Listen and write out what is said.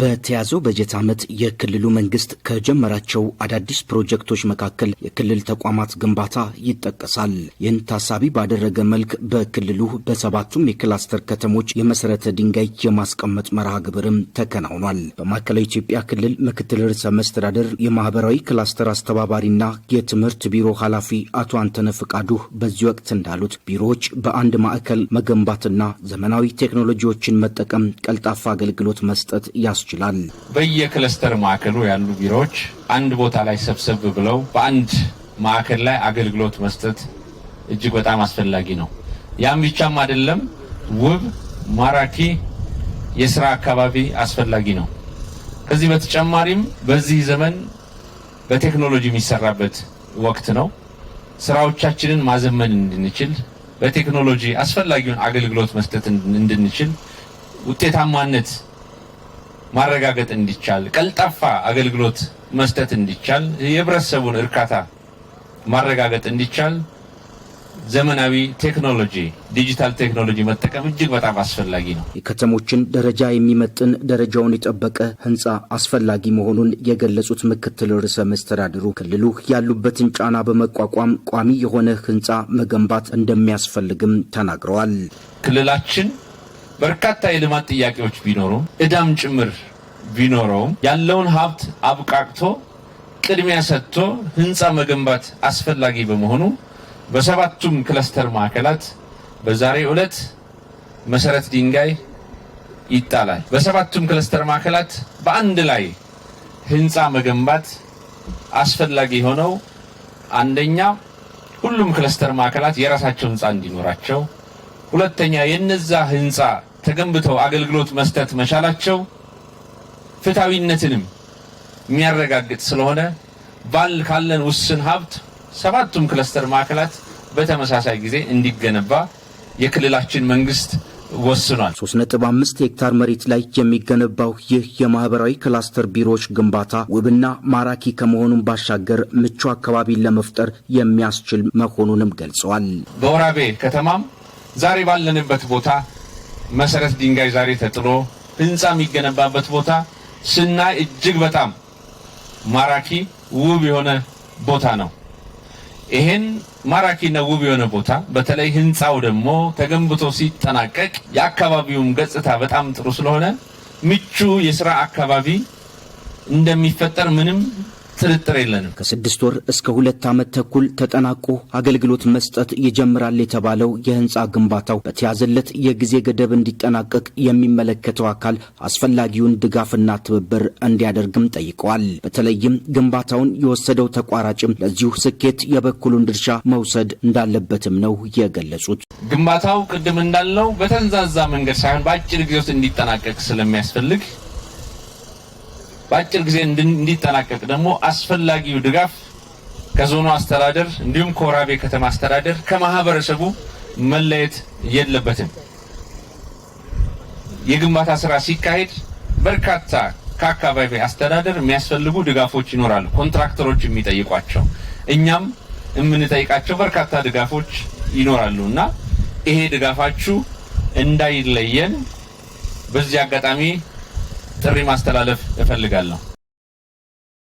በተያዘው በጀት ዓመት የክልሉ መንግስት ከጀመራቸው አዳዲስ ፕሮጀክቶች መካከል የክልል ተቋማት ግንባታ ይጠቀሳል። ይህን ታሳቢ ባደረገ መልክ በክልሉ በሰባቱም የክላስተር ከተሞች የመሰረተ ድንጋይ የማስቀመጥ መርሃ ግብርም ተከናውኗል። በማዕከላዊ ኢትዮጵያ ክልል ምክትል ርዕሰ መስተዳደር የማህበራዊ ክላስተር አስተባባሪና የትምህርት ቢሮ ኃላፊ አቶ አንተነ ፍቃዱ በዚህ ወቅት እንዳሉት ቢሮዎች በአንድ ማዕከል መገንባትና ዘመናዊ ቴክኖሎጂዎችን መጠቀም ቀልጣፋ አገልግሎት መስጠት ያ ያስችላል። በየክለስተር ማዕከሉ ያሉ ቢሮዎች አንድ ቦታ ላይ ሰብሰብ ብለው በአንድ ማዕከል ላይ አገልግሎት መስጠት እጅግ በጣም አስፈላጊ ነው። ያም ብቻም አይደለም፣ ውብ ማራኪ የስራ አካባቢ አስፈላጊ ነው። ከዚህ በተጨማሪም በዚህ ዘመን በቴክኖሎጂ የሚሰራበት ወቅት ነው። ስራዎቻችንን ማዘመን እንድንችል በቴክኖሎጂ አስፈላጊውን አገልግሎት መስጠት እንድንችል ውጤታማነት ማረጋገጥ እንዲቻል፣ ቀልጣፋ አገልግሎት መስጠት እንዲቻል፣ የህብረተሰቡን እርካታ ማረጋገጥ እንዲቻል ዘመናዊ ቴክኖሎጂ ዲጂታል ቴክኖሎጂ መጠቀም እጅግ በጣም አስፈላጊ ነው። የከተሞችን ደረጃ የሚመጥን ደረጃውን የጠበቀ ህንፃ አስፈላጊ መሆኑን የገለጹት ምክትል ርዕሰ መስተዳድሩ ክልሉ ያሉበትን ጫና በመቋቋም ቋሚ የሆነ ህንፃ መገንባት እንደሚያስፈልግም ተናግረዋል። ክልላችን በርካታ የልማት ጥያቄዎች ቢኖሩም እዳም ጭምር ቢኖረውም ያለውን ሀብት አብቃቅቶ ቅድሚያ ሰጥቶ ህንፃ መገንባት አስፈላጊ በመሆኑ በሰባቱም ክለስተር ማዕከላት በዛሬ ዕለት መሰረት ድንጋይ ይጣላል። በሰባቱም ክለስተር ማዕከላት በአንድ ላይ ህንፃ መገንባት አስፈላጊ የሆነው አንደኛ ሁሉም ክለስተር ማዕከላት የራሳቸው ህንፃ እንዲኖራቸው፣ ሁለተኛ የነዛ ህንፃ ተገንብተው አገልግሎት መስጠት መቻላቸው ፍትሐዊነትንም የሚያረጋግጥ ስለሆነ ባል ካለን ውስን ሀብት ሰባቱም ክለስተር ማዕከላት በተመሳሳይ ጊዜ እንዲገነባ የክልላችን መንግስት ወስኗል። 3.5 ሄክታር መሬት ላይ የሚገነባው ይህ የማህበራዊ ክላስተር ቢሮዎች ግንባታ ውብና ማራኪ ከመሆኑን ባሻገር ምቹ አካባቢን ለመፍጠር የሚያስችል መሆኑንም ገልጸዋል። በወራቤ ከተማም ዛሬ ባለንበት ቦታ መሰረት ድንጋይ ዛሬ ተጥሎ ህንፃ የሚገነባበት ቦታ ስናይ እጅግ በጣም ማራኪ ውብ የሆነ ቦታ ነው። ይሄን ማራኪና ውብ የሆነ ቦታ በተለይ ህንፃው ደግሞ ተገንብቶ ሲጠናቀቅ የአካባቢውም ገጽታ በጣም ጥሩ ስለሆነ ምቹ የስራ አካባቢ እንደሚፈጠር ምንም ጥርጥር የለንም። ከስድስት ወር እስከ ሁለት ዓመት ተኩል ተጠናቆ አገልግሎት መስጠት ይጀምራል የተባለው የህንፃ ግንባታው በተያዘለት የጊዜ ገደብ እንዲጠናቀቅ የሚመለከተው አካል አስፈላጊውን ድጋፍና ትብብር እንዲያደርግም ጠይቀዋል። በተለይም ግንባታውን የወሰደው ተቋራጭም ለዚሁ ስኬት የበኩሉን ድርሻ መውሰድ እንዳለበትም ነው የገለጹት። ግንባታው ቅድም እንዳልነው በተንዛዛ መንገድ ሳይሆን በአጭር ጊዜ ውስጥ እንዲጠናቀቅ ስለሚያስፈልግ በአጭር ጊዜ እንዲጠናቀቅ ደግሞ አስፈላጊው ድጋፍ ከዞኑ አስተዳደር እንዲሁም ከወራቤ ከተማ አስተዳደር ከማህበረሰቡ መለየት የለበትም። የግንባታ ስራ ሲካሄድ በርካታ ከአካባቢ አስተዳደር የሚያስፈልጉ ድጋፎች ይኖራሉ። ኮንትራክተሮች የሚጠይቋቸው እኛም የምንጠይቃቸው በርካታ ድጋፎች ይኖራሉ እና ይሄ ድጋፋችሁ እንዳይለየን በዚህ አጋጣሚ ጥሪ ማስተላለፍ እፈልጋለሁ።